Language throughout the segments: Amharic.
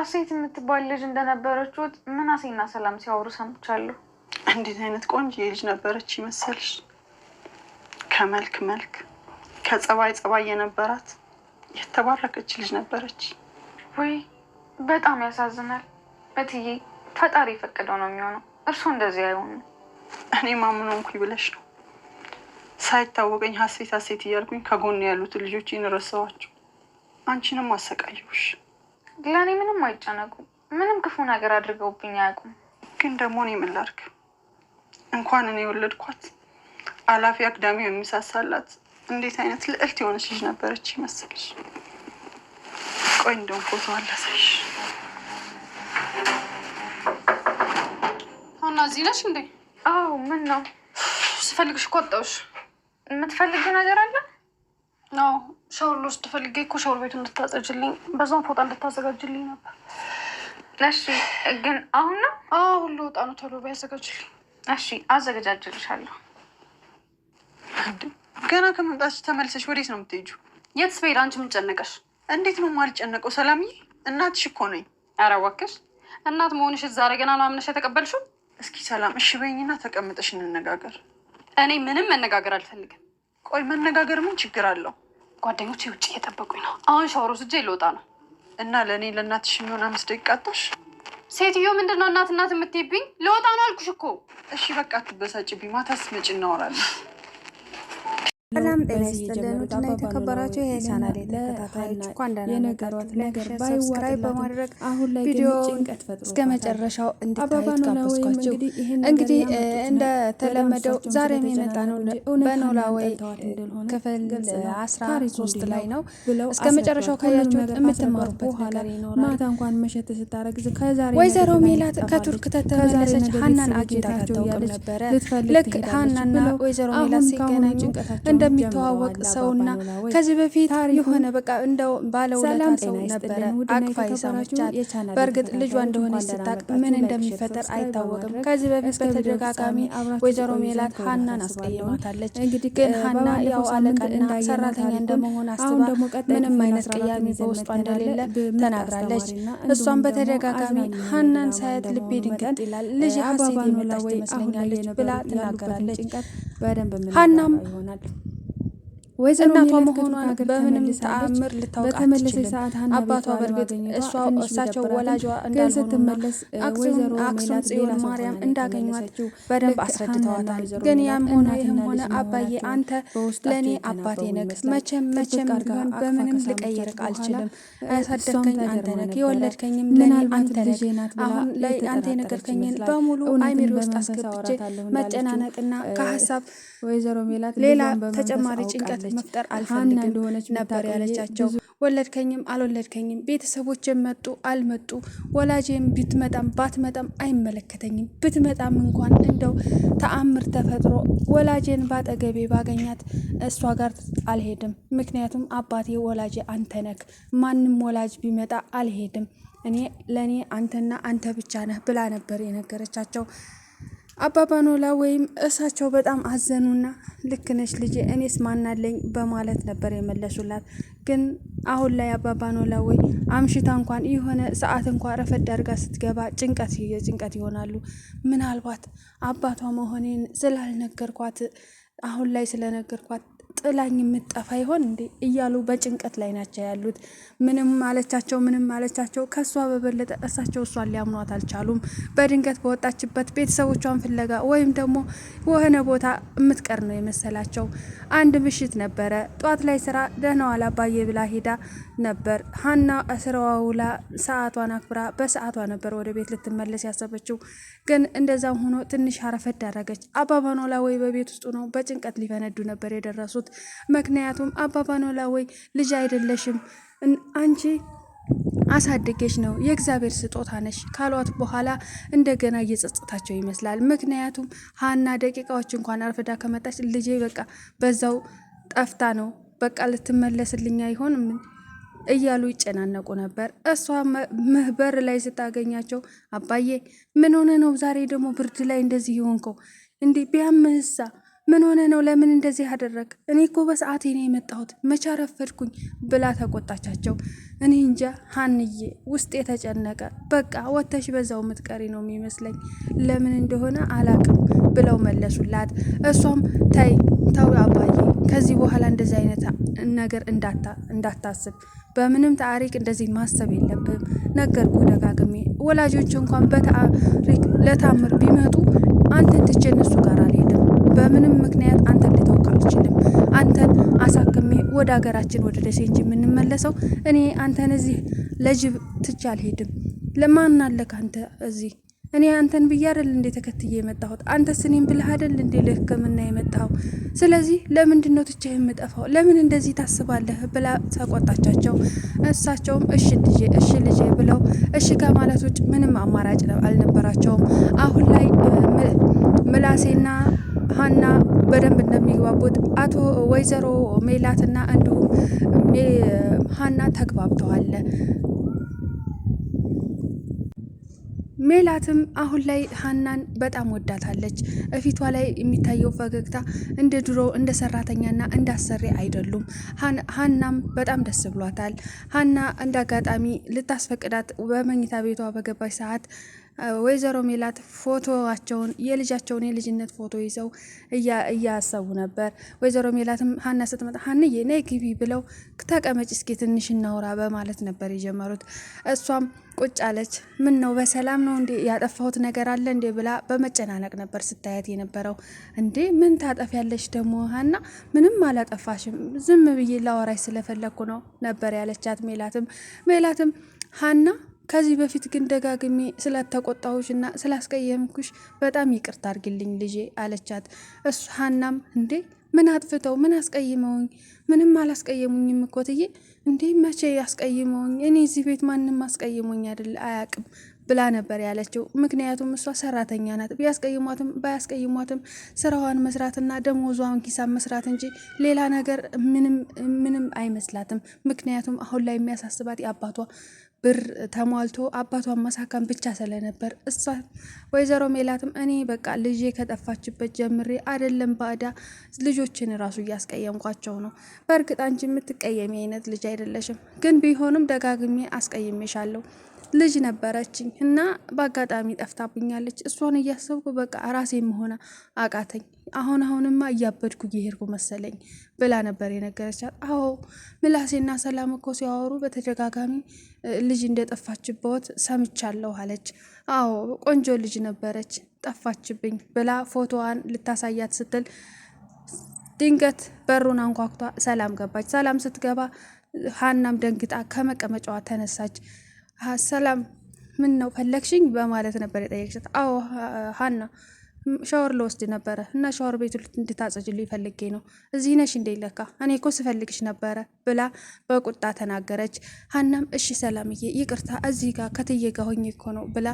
ሀሴት የምትባል ልጅ እንደነበረች ወጥ ምናሴና ሰላም ሲያወሩ ሰምቻለሁ። እንዴት አይነት ቆንጆ ልጅ ነበረች ይመሰልሽ? ከመልክ መልክ፣ ከጸባይ ጸባይ የነበራት የተባረከች ልጅ ነበረች። ወይ በጣም ያሳዝናል እትዬ። ፈጣሪ የፈቀደው ነው የሚሆነው። እርሱ እንደዚህ አይሆንም። እኔ ማምኖ እንኩ ብለሽ ነው ሳይታወቀኝ ሀሴት ሀሴት እያልኩኝ ከጎን ያሉትን ልጆች ንረሰዋቸው አንቺንም አሰቃየሁሽ። ለእኔ ምንም አይጨነቁም። ምንም ክፉ ነገር አድርገውብኝ አያውቁም። ግን ደግሞ እኔ ምን ላድርግ? እንኳን እኔ የወለድኳት አላፊ አግዳሚ የሚሳሳላት እንዴት አይነት ልዕልት የሆነች ልጅ ነበረች ይመስልሽ? ቆይ እንደውም ፎቶ አላሳይሽ። አሁን እዚህ ነሽ እንዴ? አዎ። ምን ነው ስፈልግሽ? ቆጣውሽ የምትፈልጊው ነገር አለ? አዎ ሻወር ልወስድ ፈልጌ እኮ ሻወር ቤት እንድታጸጅልኝ በዛም ፎጣ እንድታዘጋጅልኝ ነበር። እሺ ግን አሁን ነው? አዎ ሁሉ ወጣ ነው። ቶሎ ቢያዘጋጅልኝ። እሺ አዘገጃጅልሻለሁ። ገና ከመምጣትሽ ተመልሰሽ ወዴት ነው የምትሄጂው? የትስ ስፔድ? አንቺ ምን ጨነቀሽ? እንዴት ነው የማልጨነቀው ሰላምዬ? እናትሽ እኮ ነኝ። ኧረ እባክሽ እናት መሆንሽ ዛሬ ገና ነው አምነሽ የተቀበልሽው። እስኪ ሰላም እሺ በይኝና ተቀምጠሽ እንነጋገር። እኔ ምንም መነጋገር አልፈልግም። ቆይ መነጋገር ምን ችግር አለው? ጓደኞች ውጭ እየጠበቁኝ ነው። አሁን ሻወር ወስጄ ልወጣ ነው። እና ለእኔ ለእናትሽ የሚሆን አምስት ደቂቃ አጣሽ። ሴትዮ ምንድን ነው እናት እናት የምትይብኝ? ልወጣ ነው አልኩሽ እኮ። እሺ በቃ አትበሳጭብኝ። ማታ ስትመጪ እናወራለን። ሰላም ጤና ይስጥልን። ውድና የተከበራችሁ የህሳናት ተከታታዮች እንኳን ደህና ነገር ባይወራይ በማድረግ አሁን ላይ ቪዲዮውን እስከ መጨረሻው እንድታዩት ጋበዝኳችሁ። እንግዲህ እንደተለመደው ዛሬም የመጣ ነው በኖላዊ ክፍል አስራ ሶስት ላይ ነው። እስከ መጨረሻው ካያችሁት የምትማሩበት ነገር ይኖራል። ወይዘሮ ሜላት ከቱርክ ተተመለሰች ሀናን አግኝታታታውቅም ነበረ። ልክ ሀናና ወይዘሮ ሜላት ሲገናኙ እንደሚተዋወቅ ሰውና ከዚህ በፊት የሆነ በቃ እንደው ባለውለታ ሰው ነበረ። አቅፋ የሳመቻት በእርግጥ ልጇ እንደሆነ ስታቅ ምን እንደሚፈጠር አይታወቅም። ከዚህ በፊት በተደጋጋሚ ወይዘሮ ሜላት ሀናን አስቀይማታለች። ግን ሀና ያው አለቃና ሰራተኛ እንደመሆን አስባ ምንም አይነት ቅያሜ በውስጧ እንደሌለ ተናግራለች። እሷም በተደጋጋሚ ሀናን ሳያት ልቤ ድንገት ይላል ልጅ ሀሴት የመጣች ትመስለኛለች ብላ ትናገራለች። ሀናም እናቷ መሆኗን በምንም ተአምር ልታወቅ አትችልም። አባቷ በእርግጥ እሷ እሳቸው ወላጇ እንዳልሆኑና አክሱም ጽዮን ማርያም እንዳገኟት በደንብ አስረድተዋታል። ግን ያም ሆነ ይህም ሆነ አባዬ አንተ ለእኔ አባቴ ነህ። መቼም መቼም ቢሆን በምንም ልቀይርህ አልችልም። ያሳደግከኝ አንተ ነህ፣ የወለድከኝም ለእኔ አንተ ነህ። አሁን ላይ አንተ የነገርከኝን በሙሉ አይሜሪ ውስጥ አስገብቼ መጨናነቅና ከሀሳብ ሌላ ተጨማሪ ጭንቀት አለች። መፍጠር አልፈልግም ነበር ያለቻቸው። ወለድከኝም አልወለድከኝም ቤተሰቦች መጡ አልመጡ ወላጄም ብትመጣም ባትመጣም አይመለከተኝም። ብትመጣም እንኳን እንደው ተአምር ተፈጥሮ ወላጄን ባጠገቤ ባገኛት እሷ ጋር አልሄድም። ምክንያቱም አባቴ ወላጄ አንተ ነክ፣ ማንም ወላጅ ቢመጣ አልሄድም እኔ ለእኔ አንተና አንተ ብቻ ነህ ብላ ነበር የነገረቻቸው። አባባ ኖላ ወይም እሳቸው በጣም አዘኑና ልክ ነሽ ልጄ እኔስ ማናለኝ በማለት ነበር የመለሱላት። ግን አሁን ላይ አባባ ኖላ ወይ አምሽታ እንኳን የሆነ ሰዓት እንኳ ረፈድ አድርጋ ስትገባ ጭንቀት የጭንቀት ይሆናሉ። ምናልባት አባቷ መሆኔን ስላልነገርኳት አሁን ላይ ስለነገርኳት ጥላኝ የምጠፋ ይሆን እንዴ እያሉ በጭንቀት ላይ ናቸው ያሉት። ምንም ማለቻቸው ምንም ማለቻቸው ከእሷ በበለጠ እርሳቸው እሷን ሊያምኗት አልቻሉም። በድንገት በወጣችበት ቤተሰቦቿን ፍለጋ ወይም ደግሞ የሆነ ቦታ የምትቀር ነው የመሰላቸው። አንድ ምሽት ነበረ ጧት ላይ ስራ ደህና ዋላ ባየ ብላ ሄዳ ነበር ሀና ስራዋ ውላ ሰዓቷን አክብራ በሰዓቷ ነበር ወደ ቤት ልትመለስ ያሰበችው። ግን እንደዛም ሆኖ ትንሽ አረፈድ አደረገች። አባባኖላ ወይ በቤት ውስጡ ነው በጭንቀት ሊፈነዱ ነበር የደረሱ ያነሱት። ምክንያቱም አባባ ኖላዊ ልጅ አይደለሽም አንቺ አሳድጌሽ ነው የእግዚአብሔር ስጦታ ነሽ ካሏት በኋላ እንደገና እየጸጸታቸው ይመስላል። ምክንያቱም ሀና ደቂቃዎች እንኳን አርፍዳ ከመጣች ልጄ በቃ በዛው ጠፍታ ነው በቃ ልትመለስልኝ አይሆንም እያሉ ይጨናነቁ ነበር። እሷ ምህበር ላይ ስታገኛቸው አባዬ ምን ሆነ ነው ዛሬ ደግሞ ብርድ ላይ እንደዚህ ይሆንከው እንዲህ ቢያምህሳ ምን ሆነ ነው? ለምን እንደዚህ አደረግ? እኔ እኮ በሰዓቴ ነው የመጣሁት፣ መቼ አረፈድኩኝ ብላ ተቆጣቻቸው። እኔ እንጃ ሀንዬ ውስጥ የተጨነቀ በቃ ወተሽ በዛው ምትቀሪ ነው የሚመስለኝ፣ ለምን እንደሆነ አላቅም ብለው መለሱላት። እሷም ተይ ተው አባዬ፣ ከዚህ በኋላ እንደዚህ አይነት ነገር እንዳታስብ በምንም ታሪክ እንደዚህ ማሰብ የለብም። ነገርኩ ደጋግሜ፣ ወላጆች እንኳን በታሪክ ለታምር ቢመጡ አንተን ትቼ እነሱ ጋር አልሄድም በምንም ምክንያት አንተን ልተውክ አልችልም። አንተን አሳክሜ ወደ ሀገራችን ወደ ደሴ እንጂ የምንመለሰው እኔ አንተን እዚህ ለጅብ ትቼ አልሄድም። ለማን አለክ አንተ እዚህ እኔ አንተን ብዬ አይደል እንዴ ተከትዬ የመጣሁት? አንተስ ስኔም ብለህ አይደል እንዴ ለሕክምና የመጣው? ስለዚህ ለምንድን ነው የምጠፋው? ለምን እንደዚህ ታስባለህ? ብላ ተቆጣቻቸው። እሳቸውም እሺ ልጄ፣ እሺ ልጄ ብለው እሺ ከማለት ውጭ ምንም አማራጭ አልነበራቸውም። አሁን ላይ ምላሴና ሀና በደንብ እንደሚግባቡት አቶ ወይዘሮ ሜላትና እንዲሁም ሀና ተግባብተዋል። ሜላትም አሁን ላይ ሀናን በጣም ወዳታለች። እፊቷ ላይ የሚታየው ፈገግታ እንደ ድሮ እንደ ሰራተኛና እንዳሰሪ አይደሉም። ሀናም በጣም ደስ ብሏታል። ሀና እንደ አጋጣሚ ልታስፈቅዳት በመኝታ ቤቷ በገባች ሰዓት ወይዘሮ ሜላት ፎቶቸውን የልጃቸውን የልጅነት ፎቶ ይዘው እያሰቡ ነበር። ወይዘሮ ሜላትም ሀና ስትመጣ ሀንዬ ነይ ግቢ ብለው ተቀመጭ እስኪ ትንሽ እናውራ በማለት ነበር የጀመሩት። እሷም ቁጭ አለች። ምን ነው በሰላም ነው እንዴ? ያጠፋሁት ነገር አለ እንዴ? ብላ በመጨናነቅ ነበር ስታያት የነበረው። እንዴ ምን ታጠፍ ያለች ደግሞ ሀና? ምንም አላጠፋሽም፣ ዝም ብዬ ላወራሽ ስለፈለግኩ ነው ነበር ያለቻት ሜላትም ሜላትም ሀና ከዚህ በፊት ግን ደጋግሜ ስለተቆጣሁሽና ስላስቀየምኩሽ በጣም ይቅርታ አርግልኝ ልጄ አለቻት። እሱ ሀናም እንዴ ምን አጥፍተው ምን አስቀይመውኝ? ምንም አላስቀየሙኝም እኮ ትዬ። እንዴ መቼ ያስቀይመውኝ? እኔ እዚህ ቤት ማንም አስቀይሞኝ አይደል አያቅም ብላ ነበር ያለችው። ምክንያቱም እሷ ሰራተኛ ናት። ቢያስቀይሟትም ባያስቀይሟትም ስራዋን መስራትና ደሞዟን ሂሳብ መስራት እንጂ ሌላ ነገር ምንም ምንም አይመስላትም። ምክንያቱም አሁን ላይ የሚያሳስባት የአባቷ ብር ተሟልቶ አባቷን ማሳከም ብቻ ስለነበር እሷ ወይዘሮ ሜላትም እኔ በቃ ልጄ ከጠፋችበት ጀምሬ አይደለም ባዳ ልጆችን ራሱ እያስቀየምኳቸው ነው። በእርግጥ አንቺ የምትቀየሚ አይነት ልጅ አይደለሽም፣ ግን ቢሆንም ደጋግሜ አስቀይሜሻለሁ። ልጅ ነበረችኝ እና በአጋጣሚ ጠፍታብኛለች። እሷን እያሰብኩ በቃ ራሴ መሆን አቃተኝ። አሁን አሁንማ እያበድኩ እየሄድኩ መሰለኝ ብላ ነበር የነገረቻት። አዎ ምላሴና ሰላም እኮ ሲያወሩ በተደጋጋሚ ልጅ እንደጠፋችበት ሰምቻለሁ አለች። አዎ ቆንጆ ልጅ ነበረች ጠፋችብኝ ብላ ፎቶዋን ልታሳያት ስትል ድንገት በሩን አንኳኩቷ ሰላም ገባች። ሰላም ስትገባ ሀናም ደንግጣ ከመቀመጫዋ ተነሳች። ሰላም ምን ነው ፈለግሽኝ? በማለት ነበር የጠየቅሻት። አዎ ሀና ሻወር ለወስድ ነበረ እና ሻወር ቤቱ እንድታጸጅልኝ ፈልጌ ነው። እዚህ ነሽ እንዴ? ለካ እኔ እኮ ስፈልግሽ ነበረ ብላ በቁጣ ተናገረች። ሀናም እሺ ሰላምዬ፣ ይቅርታ እዚህ ጋር ከትዬ ጋር ሆኜ እኮ ነው ብላ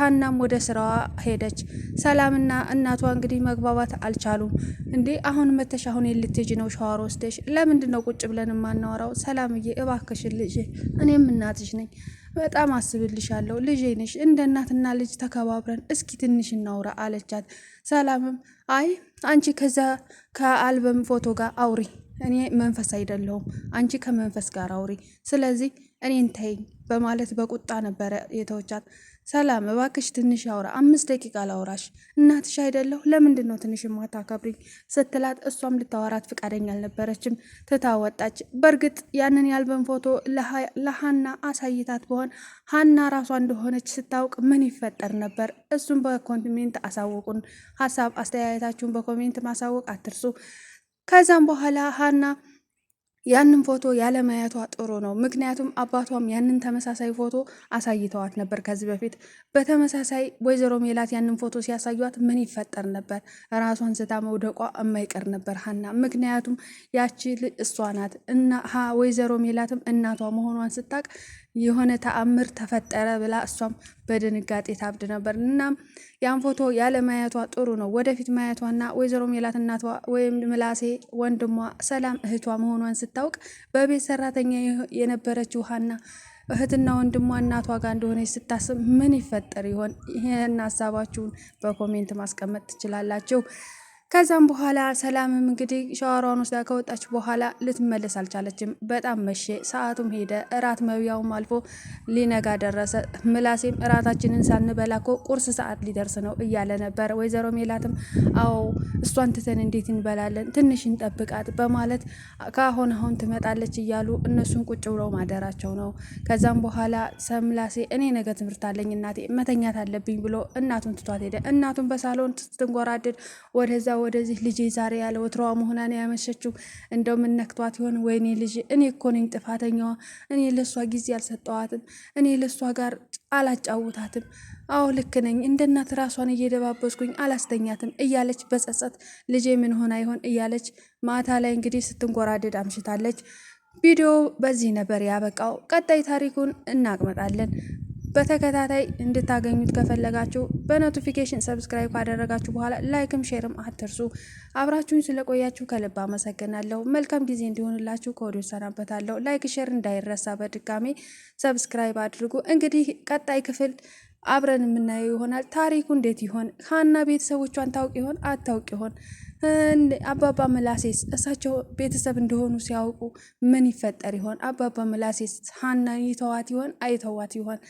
ሀናም ወደ ስራዋ ሄደች። ሰላምና እናቷ እንግዲህ መግባባት አልቻሉም። እንዴ አሁን መተሽ አሁን የልትጅ ነው ሻወር ወስደሽ? ለምንድን ነው ቁጭ ብለን የማናወራው? ሰላምዬ እባክሽ ልጅ፣ እኔም እናትሽ ነኝ በጣም አስብልሻለሁ ልጄ ነሽ፣ እንደ እናትና ልጅ ተከባብረን እስኪ ትንሽ እናውራ አለቻት። ሰላምም አይ አንቺ ከዛ ከአልበም ፎቶ ጋር አውሪ፣ እኔ መንፈስ አይደለሁም፣ አንቺ ከመንፈስ ጋር አውሪ፣ ስለዚህ እኔን ተይኝ በማለት በቁጣ ነበረ የተወቻት። ሰላም እባክሽ ትንሽ አውራ፣ አምስት ደቂቃ ላውራሽ። እናትሽ አይደለሁ ለምንድን ነው ትንሽ ማታከብሪኝ? ስትላት እሷም ልታወራት ፍቃደኛ አልነበረችም፣ ትታ ወጣች። በእርግጥ ያንን የአልበም ፎቶ ለሀና አሳይታት በሆን ሀና ራሷ እንደሆነች ስታውቅ ምን ይፈጠር ነበር? እሱም በኮሜንት አሳውቁን። ሀሳብ አስተያየታችሁን በኮሜንት ማሳወቅ አትርሱ። ከዛም በኋላ ሀና ያንን ፎቶ ያለማየቷ ጥሩ ነው። ምክንያቱም አባቷም ያንን ተመሳሳይ ፎቶ አሳይተዋት ነበር ከዚህ በፊት። በተመሳሳይ ወይዘሮ ሜላት ያንን ፎቶ ሲያሳዩት ምን ይፈጠር ነበር? ራሷን ስታ መውደቋ የማይቀር ነበር ሀና። ምክንያቱም ያቺ ልጅ እሷ ናት እና ወይዘሮ ሜላትም እናቷ መሆኗን ስታቅ የሆነ ተአምር ተፈጠረ ብላ እሷም በድንጋጤ ታብድ ነበር። እናም ያን ፎቶ ያለ ማየቷ ጥሩ ነው። ወደፊት ማየቷና ወይዘሮ ሜላት እናቷ ወይም ምላሴ ወንድሟ ሰላም እህቷ መሆኗን ስታውቅ በቤት ሰራተኛ የነበረችው ሀና እህትና ወንድሟ እናቷ ጋር እንደሆነች ስታስብ ምን ይፈጠር ይሆን? ይህን ሀሳባችሁን በኮሜንት ማስቀመጥ ትችላላችሁ። ከዛም በኋላ ሰላምም እንግዲህ ሻወሯን ወስዳ ከወጣች በኋላ ልትመለስ አልቻለችም። በጣም መሼ፣ ሰዓቱም ሄደ፣ እራት መብያውም አልፎ ሊነጋ ደረሰ። ምላሴም እራታችንን ሳንበላ እኮ ቁርስ ሰዓት ሊደርስ ነው እያለ ነበር። ወይዘሮ ሜላትም አዎ እሷን ትተን እንዴት እንበላለን? ትንሽ እንጠብቃት በማለት ከአሁን አሁን ትመጣለች እያሉ እነሱን ቁጭ ብለው ማደራቸው ነው። ከዛም በኋላ ሰምላሴ እኔ ነገ ትምህርት አለኝ እናቴ መተኛት አለብኝ ብሎ እናቱን ትቷት ሄደ። እናቱን በሳሎን ስትንጎራደድ ወደዛ ወደዚህ ልጄ ዛሬ ያለ ወትሮዋ መሆኗን ያመሸችው እንደው ምን ነክቷት ይሆን? ወይኔ ልጅ እኔ እኮ ነኝ ጥፋተኛዋ። እኔ ለእሷ ጊዜ አልሰጠዋትም። እኔ ለእሷ ጋር አላጫውታትም። አዎ ልክ ነኝ፣ እንደ እናት ራሷን እየደባበስኩኝ አላስተኛትም እያለች በጸጸት ልጄ ምን ሆና ይሆን እያለች ማታ ላይ እንግዲህ ስትንጎራደድ አምሽታለች። ቪዲዮው በዚህ ነበር ያበቃው። ቀጣይ ታሪኩን እናቅመጣለን። በተከታታይ እንድታገኙት ከፈለጋችሁ በኖቲፊኬሽን ሰብስክራይብ ካደረጋችሁ በኋላ ላይክም ሼርም አትርሱ። አብራችሁን ስለቆያችሁ ከልብ አመሰግናለሁ። መልካም ጊዜ እንዲሆንላችሁ ከወዲሁ ሰናበታለሁ። ላይክ ሼር እንዳይረሳ፣ በድጋሚ ሰብስክራይብ አድርጉ። እንግዲህ ቀጣይ ክፍል አብረን የምናየው ይሆናል። ታሪኩ እንዴት ይሆን? ሀና ቤተሰቦቿን ታውቅ ይሆን አታውቅ ይሆን? አባባ መላሴስ እሳቸው ቤተሰብ እንደሆኑ ሲያውቁ ምን ይፈጠር ይሆን? አባባ መላሴስ ሀና ይተዋት ይሆን አይተዋት ይሆን?